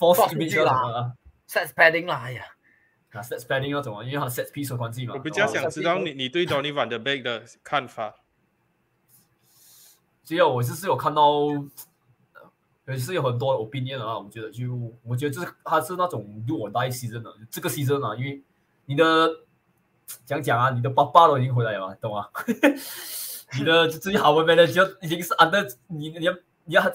force to meet s e t p e d d i n g 啦，哎呀，嗱、yeah, set p e d d i n g 要怎麼？因為佢 set piece 嘅關係嘛。我比較想知道你 Sets... 你對 Donny van de Beek 的看法。只 有我就是有看到，也是有很多 opinion 啊，我覺得就，我覺得就是佢係嗰種 do or die season 啦，這個 season 啊，因為你的講講啊，你的爸爸都已經回來了，懂嗎、啊？ 你的就最近好唔好咩啦？就已經是 under,，但係你你要你要。你要